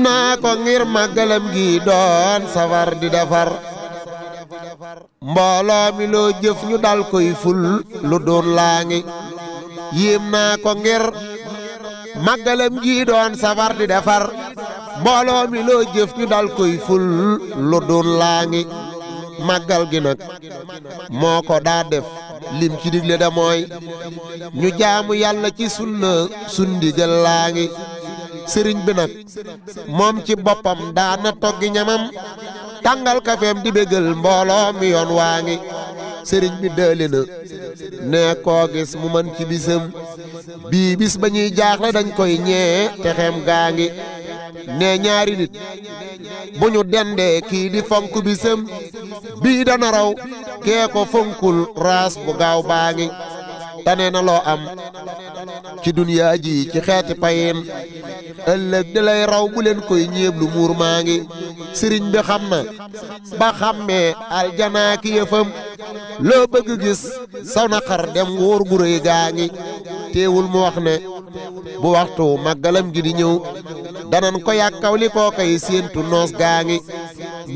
gërëm màggalam gi doon safar di defar mbooloo mi loo jëf ñu dal koy ful lu doon laa ngi yéem naa ko ngir màggalam gi doon safar di defar mbooloo mi loo jëf ñu dal koy ful lu doon laa ngi màggal gi nag moo ko daa def lim ci digle da ñu jaamu yàlla ci sunna sundigal laa ngi sëriñ bi nag moom ci boppam daana toggi ñamam tàngal kafeem di bégal mboolo mi yoon waa ngi sëriñ bi dëli na nee koo gis mu mën ci bisam bii bis bañuy ñuy jaaxle dañ koy ñee texeem gaa ngi nee ñaari nit bu ñu dendee kii di fonk bisam bii dana raw kee ko fonkul raas bu gaaw baa ngi tane na am ci duniyaa ji ci xeeti payin ëllëg di lay raw bu leen koy ñeeblu muur maa ngi sëriñ bi xam na ba xàmmee aljanaa ki yëfam loo bëgg gis saw na xar dem wóor gu rëy gaa ngi teewul mu wax ne bu waxtu màggalam gi di ñëw danan ko yàkkaw li séentu noos gaa ngi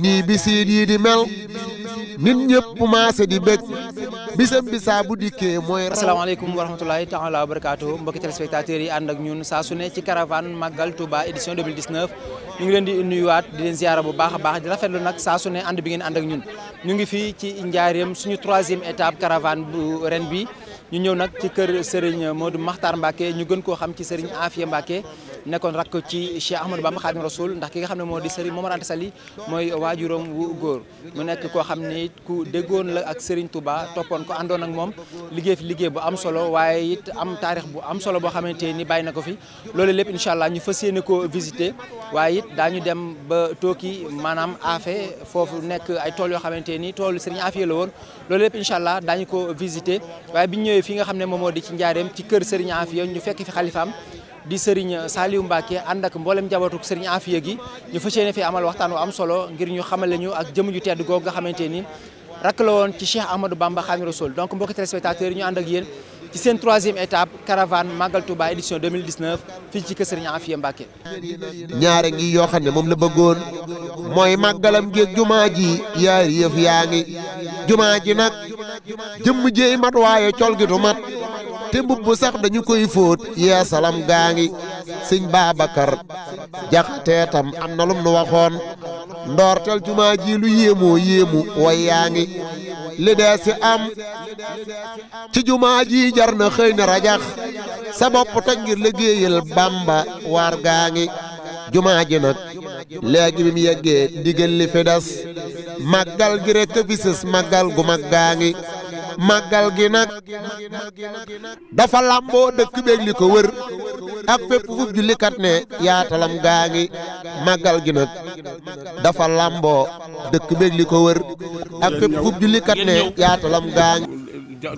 nii bisiit yi di mel nit ñëpp maase di bëgg bisam bisaa bu dikkee mooy. asalaamaaleykum wa rahmatulahi taala wa barakaatu mbokki téléspectateurs yi ànd ak ñun saa su ne ci caravane Magal Touba édition 2019 ñu ngi leen di nuyuwaat di leen ziara bu baax a baax di rafetlu nag saa su ne ànd bi ngeen ànd ak ñun ñu ngi fii ci njaareem suñu troisième étape caravane bu ren bi ñu ñëw nag ci kër Serigne Modou Makhtar Mbacke ñu gën koo xam ci Serigne Afia Mbacke nekkoon rakk ci Cheikh Ahmadou Bamba Khadim Rasoul ndax ki xam ne moo di Serigne Momar Anta Sali mooy waajuram wu góor mu nekk koo xam ne ku déggoon la ak Serigne Touba toppoon ko àndoon ak moom liggéey fi liggéey bu am solo waaye it am taarix bu am solo boo xamante ni bàyyi na ko fi loolu lépp incha allah ñu fas yéene koo visiter waaye it daañu dem ba tooki maanaam Afia foofu nekk ay tool yoo xamante ni toolu Serigne Afia la woon loolu lépp incha allah daañu ko visiter waaye bi ñu fi nga xam ne moom moo di ci njaareem ci kër Serigne Afia ñu fekk fi xalifaam di Serigne Saliou Mbacke ànd ak mboolem jabatuk Serigne Afia gi ñu fas yéene fi amal waxtaan wu am solo ngir ñu xamale ñu ak jëm ju tedd googu nga xamante ni rakk la woon ci Cheikh Ahmadou Bamba Khadimou sol donc mbokki téléspectateurs yi ñu ànd ak yéen ci seen troisième étape caravane Magal Touba édition 2019 fii ci kër Serigne Afia Mbacké ñaare ngi yoo moom la bëggoon mooy màggalam géeg jumaa ji yaari yëf yaa ngi jumaa ji nag jëmm jéey mat waaye col gi du mat te mbubb sax dañu koy fóot yeesalam gaa ngi sëñ Babacar jaxatee tam am na lum nu waxoon ndoortel jumaa lu yéemoo yéemu way yaa li dee si am ci jumaa ji jar na xëy na rajax sa bopp toj ngir liggéeyal Bàmba gaa ngi jumaa ji nag léegi bi mu yeggee ndigal fi des màggal gi rekk a fi sës gu mag gaa ngi màggal gi nag dafa làmboo dëkk beeg li ko wër ak fépp fu jullikat ne yaatalam gaa ngi màggal gi nag dafa làmboo dëkk beeg li ko wër ak fépp fu jullikat ne yaatalam gaa ngi.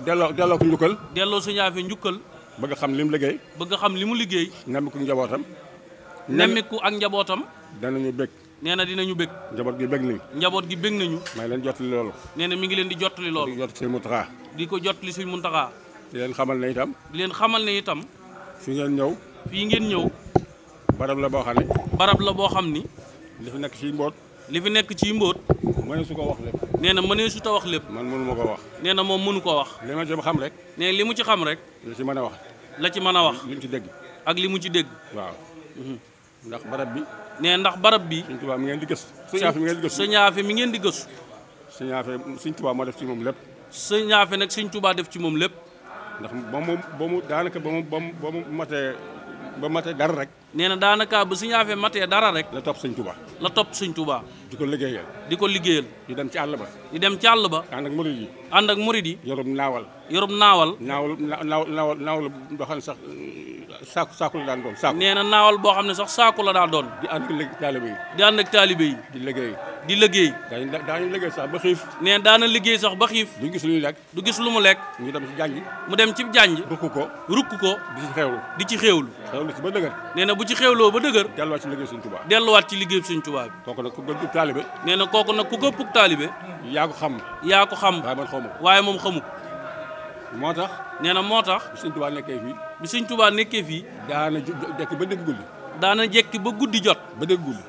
delloo delloo ko njukkal. delloo su ñaafe njukkal. bëgg xam li mu liggéey. bëgg xam li mu liggéey. nemmiku njabootam. nemmiku ak njabootam. danañu nee na dinañu bég njaboot gi bég nañu njaboot gi bég nañu maa ngi leen jottali loolu nee na mi ngi leen di jottali loolu di jot sëñ Muntaxa di ko jot jottali sëñ Muntaxa di leen xamal ne itam leen xamal ne itam fi ngeen ñëw fii ngeen ñëw barab la boo xam ne barab la boo xam ni li fi nekk ci mbóot li fi nekk ci mbóot mënee su ko wax lépp nee na mënee su ta wax lépp man mënu ma ko wax nee na moom mënu koo wax li ma ci xam rek nee li mu ci xam rek la ci mën a wax la ci mën a wax li mu ci dégg ak li mu ci dégg waaw mhm. ndax barab bi nee ndax barab bi sëñ Tuubaa mi ngeen di gëstu sëñ Aafe mi ngeen di gëstu sëñ Aafe mi ngeen di gëstu sëñ Aafe sëñ Tuubaa moo def ci moom lépp sëñ Aafe nag sëñ Tuubaa def ci moom lépp ndax ba mu ba mu daanaka ba mu ba ba mu matee ba matee dara rek nee na daanaka ba sëñ Aafe matee dara rek la topp sëñ Tuubaa la topp sëñ Tuubaa di ko liggéeyal di ko liggéeyal di dem ci àll ba di dem ci àll ba ànd ak murid yi ànd ak murid yi yorub naawal yorub naawal naawal naawal naawal boo xam ne sax saaku saaku la daan doon saaku. nee na naawal boo xam ne sax saaku la daan doon. di ànd ak taalibe yi. di ànd ak taalibe di liggéey. di liggéey. daañu daañu liggéey sax ba xiif. nee daana liggéey sax ba xiif. du gis lu ñu lekk. gis lu mu lekk. ñu dem ci jànj. mu dem ci jànj. rukk ko rukk ko. di ci xéewlu di ci xéewlu. xéewlu si ba dëgër. nee na bu ci loo ba dëgër. delluwaat ci liggéey Sëñ Tuubaa. delluwaat ci liggéey Sëñ Tuubaa bi. kooku nag ku gëpp taalibe. nee na kooku nag ku gëpp taalibe. yaa ko xam. yaa ko xam waaye moom xamu moo tax nee na moo tax. bi Sëñ Tuubaa nekkee fii. bi Sëñ Tuubaa nekkee fii. daana jekki ba dégg guddi. daana jekki ba guddi jot. ba dégg guddi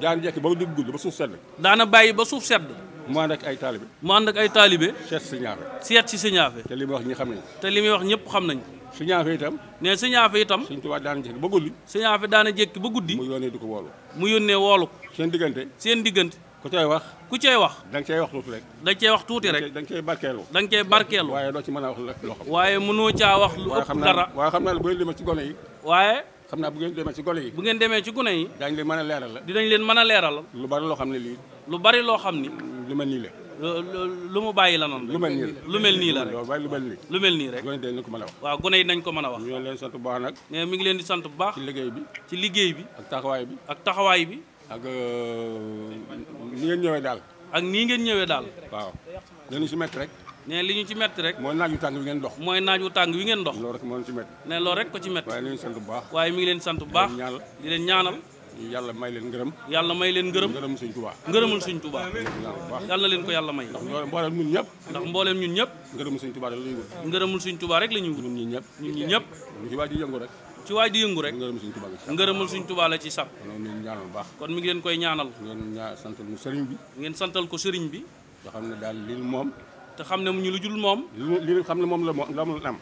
daana jekki ba dégg guddi ba suuf sedd. daana bàyyi ba suuf sedd. mu ànd ak ay taalibe. mu ànd ak ay taalibe. seet si Sëñ Aafe. seet si Sëñ Aafe. te li muy wax ñi xam nañ te li muy wax ñëpp xam nañ Sëñ Aafe itam. nee Sëñ Aafe itam. Sëñ Tuubaa daana jekki ba guddi. Sëñ Aafe daana jekki ba guddi. mu yónnee du ko woolu. mu yónnee woolu. seen diggante seen diggante. ku cay wax ku cay wax da nga cay wax tuuti rek da nga cay wax tuuti rek da nga cay barkeelu da nga cay barkeelu waaye doo ci mën a wax loo xam waaye mënoo caa wax lu ëpp dara waaye xam naa bu ngeen demee ci gone yi waaye xam naa bu ngeen demee ci gone yi bu ngeen demee ci gone yi daañu leen mën a leeral la dinañ leen mën a leeral lu bari loo xam ne lii lu bari loo xam ni lu mel nii la lu mu bàyyi la noonu lu mel nii la lu mel nii la rek lu mel nii lu mel nii rek gone yi dañ ko mën a wax waaw gone yi nañ ko mën a wax ñu ngi leen sant bu baax nag mi ngi leen di sant bu baax ci liggéey bi ci liggéey bi ak taxawaay bi ak taxawaay bi ak euh, ni ngeen ñëwee daal. ak nii ngeen ñëwee daal. waaw dañu si métti rek. ne li ñu ci métti rek. mooy naaj wu tàng wi ngeen dox. mooy naaj wu tàng wi ngeen dox. loolu rek moo ñu ci métti. ne loolu rek ko ci métti. waaye ñu ngi sant bu baax. waaye mi leen sant baax di leen ñaanal. yàlla may leen ngërëm yàlla may leen ngërëm ngërëm suñ tubaa ngërëmul suñ tubaa yàlla leen ko yàlla may ndax mbooleem ñun ñëpp ndax mbooleem ñun ñëpp ngërëmul suñ tubaa rek la ñuy la ñuy ñëpp ñun ñi ci waay di yëngu rek ngërëmul suñ tubaa la ci sàpp kon mi ngi leen koy ñaanal ngeen santal ko sëriñ bi ngeen santal ko sëriñ bi te xam ne daal lii moom te xam ne mu ñu lu jul moom li xam ne moom la moom la am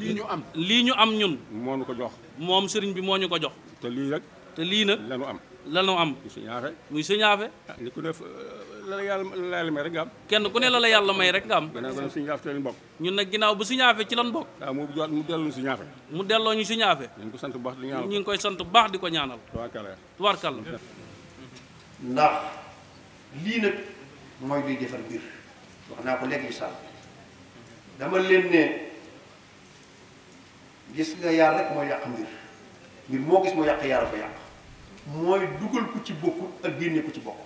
lii ñu am lii ñu am ñun moo ñu ko jox moom sëriñ bi moo ñu ko jox te lii rek te lii nag la ñu am lan moo am. muy sëñ muy sëñ ku ne la la yàlla la la may rek nga am. kenn ku ne la la yàlla may rek nga am. gannaaw gannaaw sëñ Afe ci lañ bokk. ñun nag ginnaaw bu sëñ Afe ci lañ bokk. waaw ah, mu jox mu delloo ñu sëñ mu delloo ñu sëñ Afe. ñu ngi ko sant bu baax di ñaanal ngi koy sant bu baax di ko ñaanal. tubaarkàlla tubaarkàlla. ndax lii nag mooy luy defar mbir wax naa ko léegi ci sàll dama leen ne gis nga yar rek mooy yàq mbir mbir moo gis moo yàq yar ko yàq mooy dugal ko ci bokkul ak génne ko ci bokk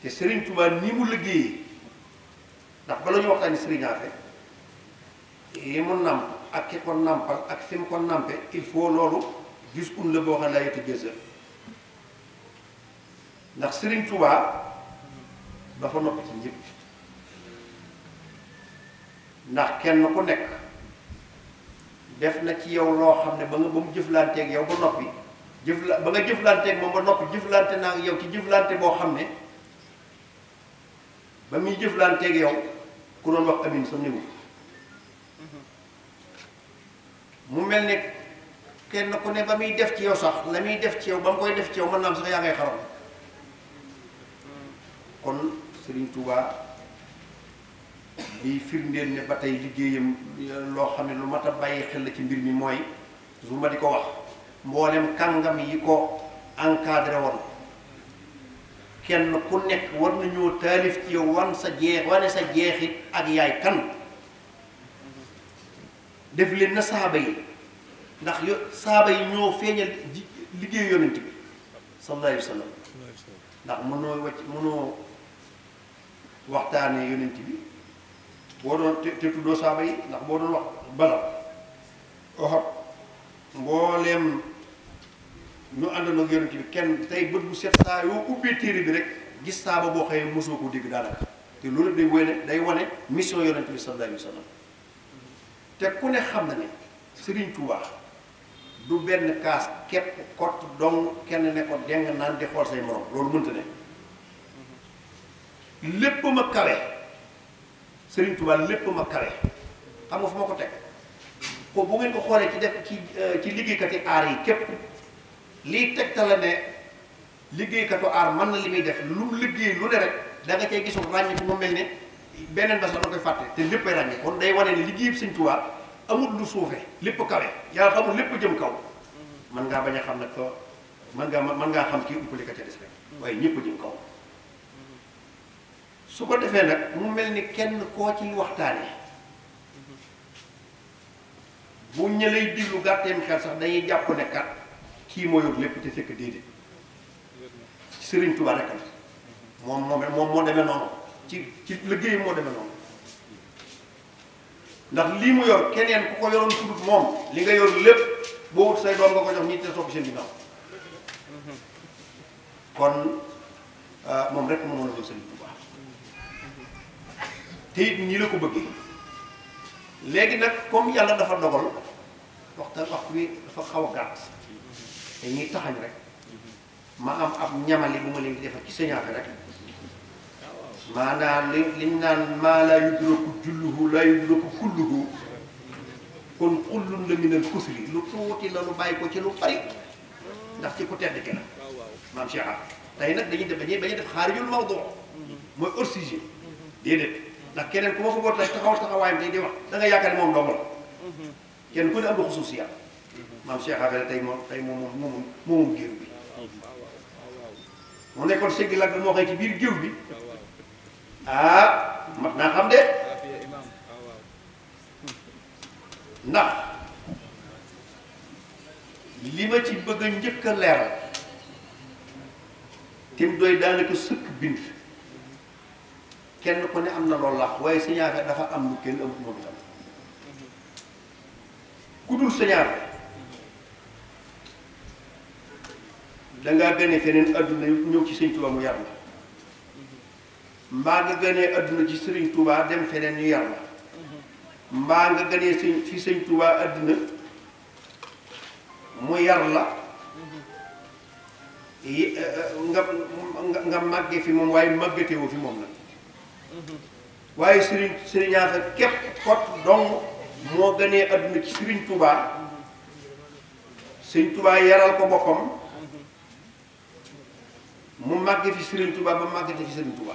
te Serigne Touba ni mu liggéeyee ndax bala ñu waxtaani Serigne Affe yi mu nàmp ak ki ko nàmpal ak fi mu ko nàmpe il faut loolu gis un la boo xam ne yépp ndax Serigne Touba dafa noppi ci ñëpp ndax kenn ku nekk def na ci yow loo xam ne ba nga ba mu jëflanteeg yow ba noppi jëfla ba nga jëflanteeg moom ba noppi jëflante naa yow ci jëflante boo xam ne ba muy jëflanteeg yow ku doon wax amin sa néew mu mel ne kenn ku ne ba muy def ci yow sax la muy def ci yow ba mu koy def ci yow mën naa am sax yaa ngay xaram kon Serigne Touba. liy firndeel ne ba tey liggéeyam loo xam ne lu mat a bàyyi xel ci mbir mi mooy su ma di ko wax mboolem kàngam yi ko encadré woon kenn ku nekk war nañoo taalif ci yow wan sa jeex wane sa jeexi ak yaay kan def leen na saaba yi ndax yo saaba yi ñoo feeñal liggéey yonent bi sallallahu alayhi wa sallam ndax mënoo wacc mënoo waxtaane yonent bi boo doon te te tuddoo saaba yi ndax boo doon wax balaw oxot mbooleem ñu àndoon ak yonent bi kenn tey bët bu set saa yoo ubbee téere bi rek gis saaba boo xëyee mosoo ko dégg daanaka te loolu day wane day wane mission yonent bi sallallahu alayhi wa sallam te ku ne xam na ne tu Touba du benn kaas képp kott dong kenn ne ko deng naan di xool say morom loolu mënta ne lépp ma kawe. Serigne Touba lépp ma kawe xam nga fu ma ko teg ko bu ngeen ko xoolee ci def ci euh, ci liggéeykati aar yi képp liy tegtale ne liggéeykatu aar man na li muy def lu liggéey lu ne rek da nga cay gisul ràññi bu ma mel ne beneen bés la doon koy fàtte te léppay ràññi kon day wane liggéey bi Serigne Touba amul lu suufe lépp kawe yàlla xamul lépp jëm kaw mën ngaa bañ a xam nag ko mën ngaa mën ngaa xam kii uppali ka ca des rek waaye ñëpp jëm kaw su ko defee nag mu mel ni kenn koo ciy waxtaane bu ñu lay diglu gàtteem xel sax dañuy jàpp ne kat kii moo yor lépp te fekk déedéet Serigne Touba rek la moom moom moo demee noonu ci ci liggéey moo demee noonu ndax lii mu yor keneen ku ko yoroon tudd moom li nga yor lépp boo wut say doom nga ko jox ñi te soog seen ginnaaw kon euh, moom rek moo mën a jël Serigne Touba. te it nii la ko bëggee léegi nag comme yàlla dafa dogal waxtaan waxtu wi dafa xaw a gàtt dañuy taxañ rek ma am ab ñamali bu ma leen di defal ci sañaafe rek maanaam li liñ naan maa laa yudraku julluhu laa yudraku kulluhu kon xullun la minal kusri lu tuuti la lu bàyyi ko ci lu bari ndax ci ku tedd ki la maam Cheikh tey nag dañuy def dañuy dañuy def xaarijul mawdu mooy hors sujet déedéet ndax keneen ku ma fa boot la taxaw taxawaayam tey di wax da nga yaakaar ne moom dong la kenn ku ne am na xusuusiyaat maam Cheikh Afel tey moom tey moom moom moomum géew bi mu nekkoon lagg moo xëy ci biir géew bi ah mat naa xam de ndax li ma ci bëgg njëkk a leeral tim doy daanaka sëkk bind kenn ku ne am na loolu la waaye sëñ dafa am lu kenn amut moom itam ku dul sëñ Afia dangaa gënee feneen adduna ñëw ci sëñ Touba mu yar la mbaa nga gënee adduna ci sëriñ Touba dem feneen ñu yar la mbaa nga gënee sëñ fi sëñ Touba adduna mu yar la eh, eh, nga nga màggee fi moom waaye màggatewoo fi moom la waaye sëriñ sëriñ Afia képp kott dong moo gënee adduna ci sëriñ Touba sëriñ Touba yaral ko boppam mu màgg fi sëriñ Touba ba màgg ci sëriñ Touba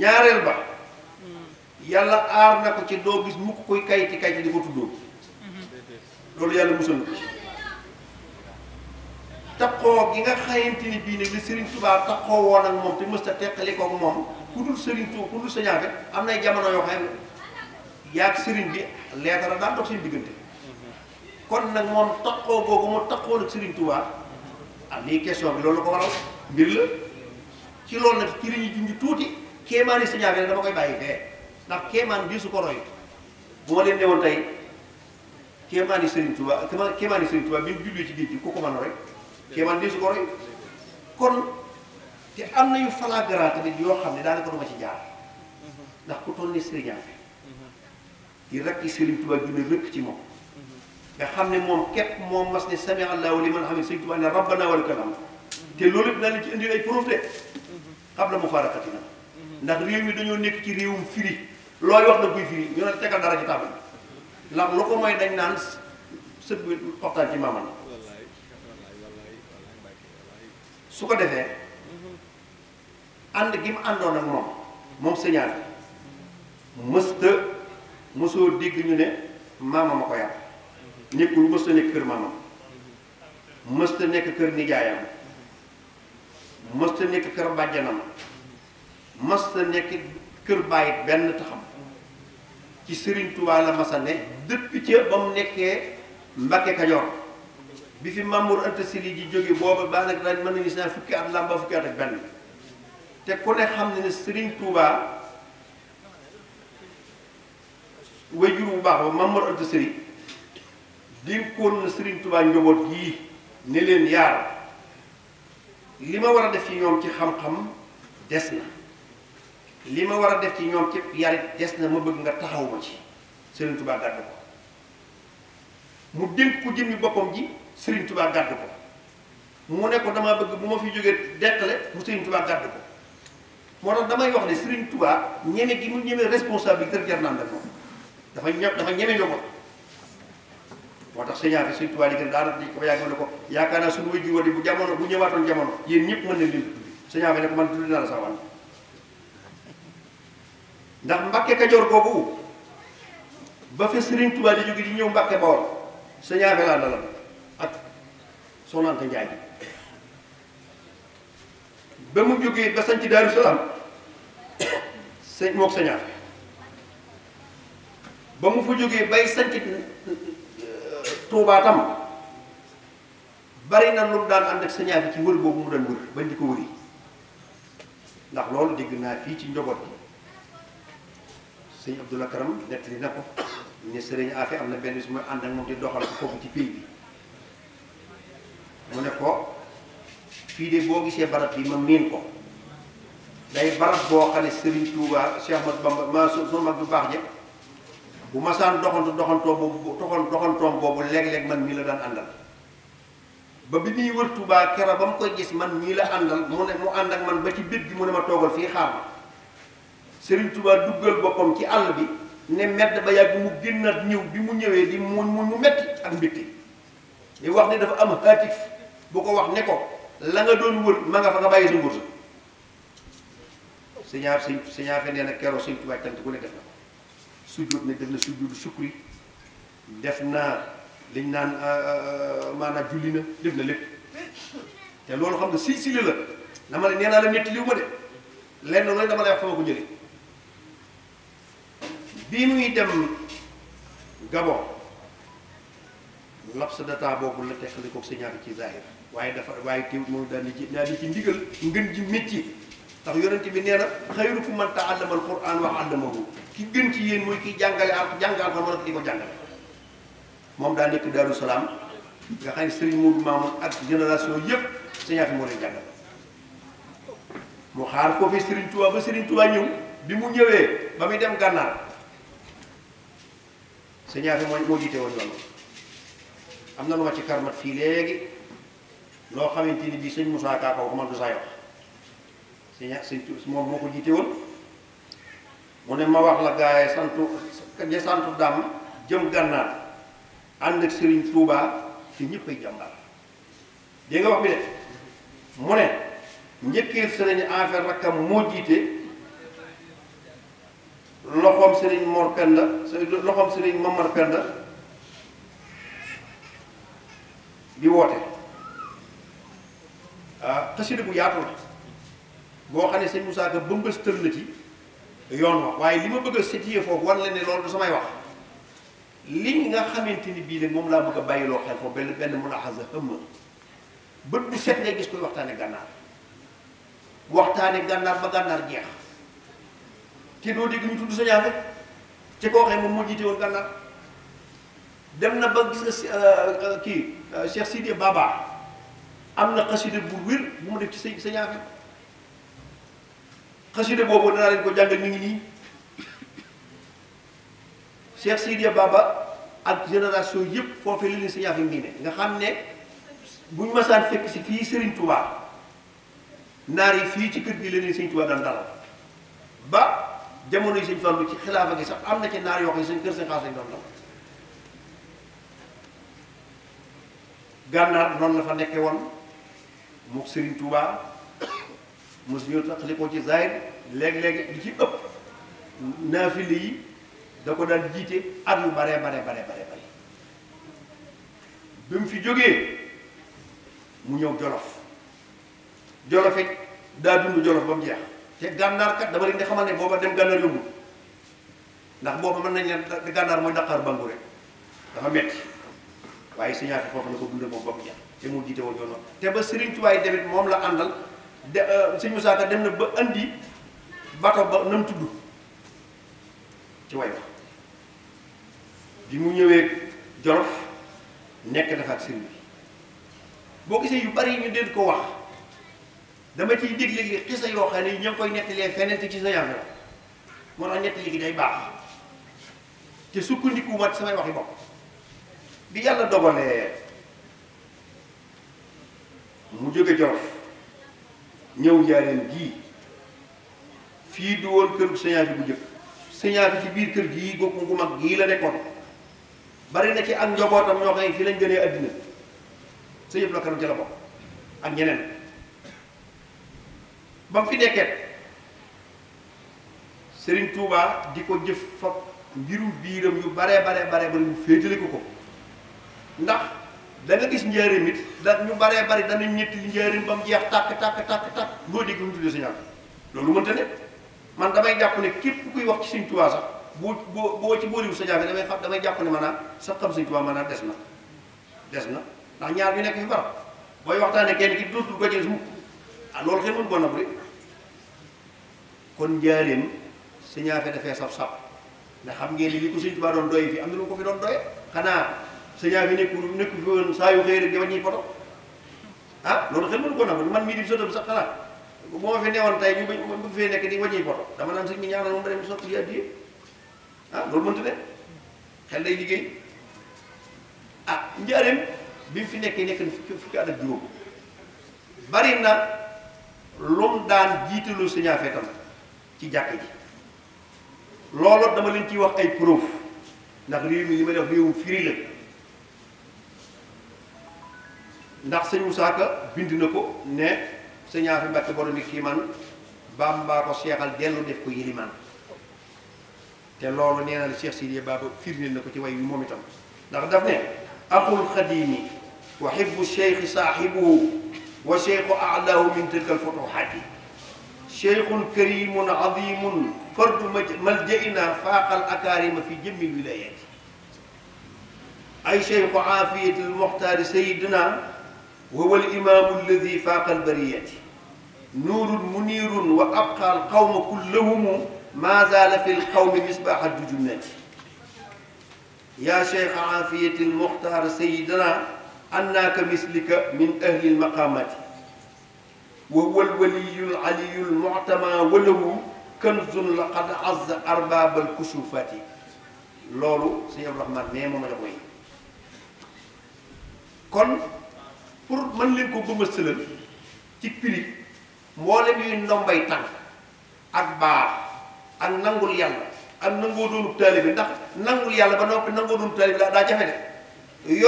ñaareel ba yàlla aar na ci doo gis mukk koy kayiti kayiti di ko tuddoo mm-hmm. loolu yàlla musal na ko taxoo gi nga xayante ni bii nag li Serigne Touba taxoo woon ak moom te mësta teqali ko ak moom ku dul Serigne Touba ku dul sa ñaafe am nay jamono yoo xam ne yaag bi leetara daan dox seen diggante kon nag moom taxoo googu ci loolu nag ci riñu tuuti kéemaan yi dama koy bàyyi fee ndax kéemaan bii su ko roy bu ma leen newoon ku ko rek kéemaan di su ko roy kon te am na yu flagrant tamit yoo xam ne daanaka duma ci jaar ndax ku toll ni Serigne Affe di rakk Serigne Touba junne rëkk ci moom nga xam ne moom képp moom mas ne sami allahu liman hamid Serigne Touba ne rabbana wal kalam te loolu it nañ ci indi ay preuve de xam na mu farakati na ndax réew mi dañoo nekk ci réewum firi looy wax na kuy firi ñu ne tegal dara ci table lam lu ko mooy dañ naan sët bi waxtaan ci maamam su ko defee ànd gi mu àndoon ak moom moom sëñaar mësta mësoo dégg ñu ne maama ma ko yar nekkul mësta nekk kër maamam mësta nekk kër nijaayam mësta nekk kër bàjjanam mësta nekk kër bàyyit benn taxam ci Serigne Touba la masa ne depuis ca ba mu nekkee Mbacke Kajoor bi fi Mamour Anta Sili ji jóge booba baax na mën nañu si fukki at làmba fukki at ak benn te ku ne xam ne ne sëriñ Touba wajur bu baax ba Mamour Anta Sili dénkoon na Serigne Touba njaboot yii ni leen yaar li ma war a def ci ñoom ci xam-xam des na li ma war a def ci ñoom ci yarit des na ma bëgg nga taxaw ma ci Serigne Touba dagg ko mu dénk ku jëmmi boppam ji. Serigne tubaa gàdd ko mu ne ko damaa bëgg bu ma fi jógee deqale mu Serigne Touba gàdd ko moo tax damay wax ne Serigne Touba ñeme gi mu ñeme responsabilité jar naan def moom dafa dafa ñeme njaboot moo tax sëñ Afia Serigne Touba ko yàgg na ko jamono bu ñëwaatoon jamono yéen ñëpp mën na ko man tudd naa la sa wàll ndax Mbàkke Kajoor googu ba fi Serigne Touba di jóge di ñëw Mbàkke Bawol sëñ Afia laa dalal. Soxna Anta Njaay ba mu jógee ba sañ ci Daaru sëñ mook sañaar ba mu fa jógee bay sañ ci Tuubaa bari na lu daan ànd ak sañaar bi ci wër boobu mu daan wër bañ di ko wëri ndax loolu dégg naa fii ci njaboot bi sëñ Abdou Karam nettali na ko ne sëriñ Afe xam na benn su ma ànd ak moom di doxal ko foofu ci pays bi mu ne ko fii de boo gisee barab bi ma miin ko day barab boo xam ne Serigne Touba Cheikh Ahmadou Bamba ma sunu mag bu baax ja bu ma saan doxantu doxantoo boobu doxantu doxantoom boobu léeg-léeg man mii la daan àndal ba bi muy wër Touba keroog ba mu koy gis man mii la àndal mu ne mu ànd ak man ba ci bët bi mu ne ma toogal fii xaar ma Serigne Touba duggal boppam ci àll bi ne medd ba yàgg mu génnaat ñëw bi mu ñëwee li mu mu metti ak mbitti li wax ne dafa am haatif bu ko wax ne ko la nga doon wër ma nga fa nga bàyyi si nguur sa sañaa sëñ sañaa fe nee na keroo sëñ tubaay ku ne def na ko sujjóot ne def na sujjóotu sukri def na liñ naan euh, euh, maanaam julli def na lépp te loolu xam nga silsile la dama ne nee naa la ñetti liw ma de lenn dama lay wax fa ma ko jëlee bi muy dem Gabon laps de temps boobu la teqali ko sëñaa bi ci zahir waaye dafa waaye teewut moom daal di ci daal di ci ndigal ngën ji métier ndax yonent bi nee na xayrukum man ta'allama al-Qur'an wa ki gën ci yéen mooy kiy jàngale ak jàngal ko wala di ko jàngale moom daa nekk Daaru Salaam nga xam ne Serigne Modou Mamoun ak génération yëpp Serigne moo leen jàngal mu xaar ko fi Serigne Touba ba Serigne Touba ñëw bi mu ñëwee ba muy dem gànnaar Serigne Afi moo moo jiite woon am na lu ma ci karmat fii léegi. loo xamante ni bii sëñ Moussa Ka man du saa yox si ña si moom moo ko jiite woon mu ne ma wax la gaaye santu ja santu dàmm jëm gànnaar ànd ak Serigne Touba te ñëpp ay jàmbaar nga wax bi de mu ne njëkkee Serigne Enfer rakkam moo jiite loxoom Serigne Mor Penda loxoom Serigne Mamar Penda bi woote xasida ah, bu yaatu la boo xam ne sëñ Moussa Ka bëmbëstal na ci yoon wax waaye li ma bëgg a sétiyee foofu war la ne loolu du samay wax li nga xamante ni bii de moom laa bëgg a bàyyiloo xel foofu benn benn mun a xas a xëmm bët bu set ngay gis koy waxtaane gànnaar waxtaane gànnaar ba gànnaar geex te doo dégg ñu tudd sa ñaar ci koo xam moom moo jiite woon gànnaar dem na ba gis nga euh, euh, kii euh, Cheikh Sidiya Baba am na xaside bu wér bu mu def ci sa sa ñaafam boobu danaa leen ko jàngal ñu ngi nii Cheikh Sidiya Baba ak génération yëpp foofu li leen sa ne nga xam ne buñ masaan fekk si fii Serigne Touba naar yi fii ci kër gi la leen Serigne Touba daan dalal ba jamono yi Serigne Fallou ci xilaafa gi sax am na ci naar yoo xam ne seen kër seen xaas lañ doon dalal gànnaar noonu la fa nekkee woon mu Serigne Touba mos ñëw taxali ko ci Zahir léeg-léeg li ci ëpp naafile yi da ko daan jiite at yu bare bare bare bare bi mu fi jógee mu ñëw Jolof Jolof it daa dund Jolof ba mu jeex te gànnaar kat dama leen di xamal ne booba dem gànnaar yombul ndax booba mën nañ leen gànnaar mooy Dakar bangu rek dafa metti waaye sëñ Afia foofu la ko dundal moom bopp ja te mu jiite woon yoon wa te ba Serigne Touba yi moom la àndal de euh, sëñ Moussa dem na ba andi bato ba nam tudd ci way wa bi mu ñëwee Jolof nekk dafa ak Serigne bi boo gisee yu bari ñu den ko wax dama ciy dégg léegi xisa yoo xam ne ñoo ngi koy nettalee feneen te ci sa yàlla moo tax nettali gi day baax te sukkandiku wat samay waxi bopp bi yàlla dogalee mu jóge Jolof ñëw njaareen gii fii du woon kër sëñaa bi bu jëkk sëñaa ci biir kër gii gopp gu mag gii la nekkoon bari na ci ak njobootam ñoo xam ne fii lañ gënee àddina sëñ Abdou Karim ci la ak ñeneen ba mu fi nekkee Serigne Touba di ko jëf fa mbiru biiram yu bare bare bare bare féetale ko ko ndax da nga gis njaarim it da ñu baree bari dana ñetti njaarim ba mu jeex tàkk tàkk tàkk tàkk boo dégg ñu tuddee Serigne Abdou loolu mënta ne man damay jàpp ne képp kuy wax ci Serigne Touba sax boo boo boo ci booliwu sa jàng damay xam damay jàpp ne maanaam sa xam Serigne Touba maanaam des na des na ñaar ñu nekk fi barab booy waxtaanee kenn ki dootul ko jël mukk ah loolu xëy mën ko nab rek kon njaarim Serigne Afia dafee saf-saf ndax xam ngeen ni li ko Serigne Touba doon doy fi am na lu ko fi doon doye xanaa sëñ yaa fi nekkul nekku fi woon saa yu xëy rek di wàññi photo ah loolu xel mënu ko nangu man mii di sotam sax bu ma fi newoon tey ñu bëgg fee nekk di wàññi photo dama naan sëñ bi ñaanal moom dem sotti addiye ah, ah mu fi nekkee nekk na fukki at ak juróom bari na lum daan jiitalu lu yaa feetam ci jàkk ji loolu dama leen ciy wax ay preuve ndax réew mi li may wax réewum firi la ndax sëñ Moussa Ka bind na ko ne sëñ Afi Mbakke borom bi kii man Bàmba ko seexal dellu def ko yilimaan te loolu nee na la Cheikh Sidiya Baba firndeel na ko ci way yu moom itam ndax daf ne aqul xadimi wa xibbu cheikhi saaxibuhu wa cheikhu alahu min tilka alfutuhaati cheikhun karimun azimun fardu maljaina faaqal akaarima fi jëmmi wilayaati ay cheikhu aafiyati almuxtaari sayidina wa huwa al-imaamu alladi faaqa al-bariyati nuurun muniirun wa abqaa al-qawma kullahumu maa zaala fi l-qawmi misbaaxa d-dujunnati yaa sheikha aafiyati al-muxtaar sayyidana annaa ka mislika min ahli l-maqaamaati wa huwa al-waliyyu al-aliyyu al-muctamaa wa lahu kanzun laqad azza arbaab al-kusuufaati loolu sëñ Abdourahmane nee moom la mooy kon. pour mën leen ko gëmësalal ci prix mboolem yuy ndombay tànk ak baax ak nangul yàlla ak nangoo doonub taalibe ndax nangul yàlla ba noppi nangoo doonub taalibe daa jafe de bii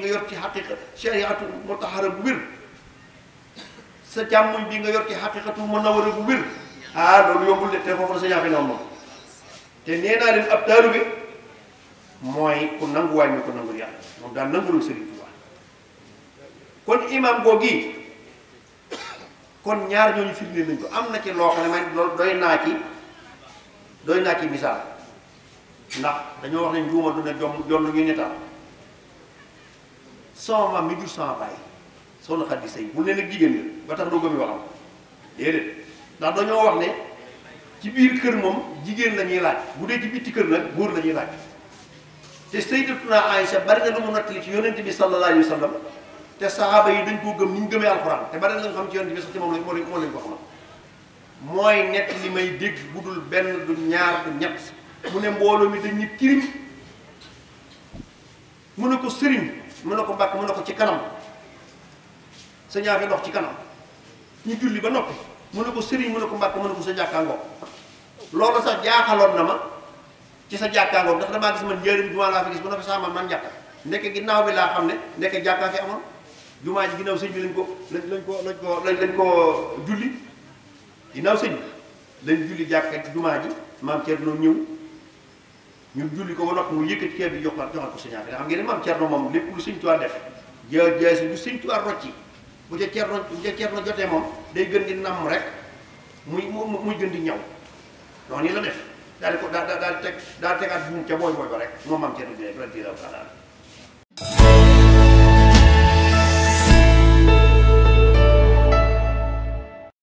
nga yor ci xaqiqa shariatu bu sa càmmoñ bii nga yor ci xaqiqatu munawara bu wér ah loolu yombul de te foofu la noonu moom ko nangul yàlla moom daal nangulul sëriñ kon imaam koo gi kon ñaar ñooñu firnde nañ ko am na ci loo xam ne man loolu doy naa ci doy naa ci misaal ndax dañoo wax ne njuuma du ne jom jom ñu netaal sama maam mi jur sama baay soxna Xadi Sëy bu ne nag jigéen nga tax doo gëm yi waxam déedéet ndax dañoo wax ne ci biir kër moom jigéen la ñuy laaj bu dee ci bitti kër nag góor la ñuy laaj te Sayyidatuna Aïcha bari na lu mu nattali ci yonent bi sallallahu alayhi wa sallam te saxaaba yi dañ koo gëm ni ñu gëmee alxuraan te bari na nga xam ci yonent bi sax ci moom lañ moo lañ ko xamal mooy nett li may dégg bu dul benn du ñaar du ñett mu ne mbooloo mi dañuy tirim mu ne ko sëriñ mu ne ko mbàkk mu ne ko ci kanam sa ñaafe dox ci kanam ñu julli ba noppi mu ne ko sëriñ mu ne ko mbàkk mu ne ko sa jàkkaangoo loolu sax jaaxaloon na ma ci sa jàkkaangoo ndax damaa gis man njëriñ jumaa laa fi gis ba noppi sax man man jàkka ndekk ginnaaw bi laa xam ne ndekk jàkkaa fi amoon jumaa ji ginnaaw sëñ bi lañ ko lañ ko lañ ko lañ ko julli ginnaaw sëñ bi lañ julli jàkka jumaa ji maam Thierno ñëw ñu julli ko ba noppi mu yëkkati bi joxaat joxaat ko sëñ Afia xam ngeen ne maam Thierno moom lépp lu sëñ def jaay jaay si lu sëñ Tuubaa rocci bu ca moom day gën di namm rek muy muy gën di ñaw noonu la def. daal ko daal daal di teg daal di tegaat buum ca booy booy ba rek moom maam Thierno Birahim radiyallaahu taala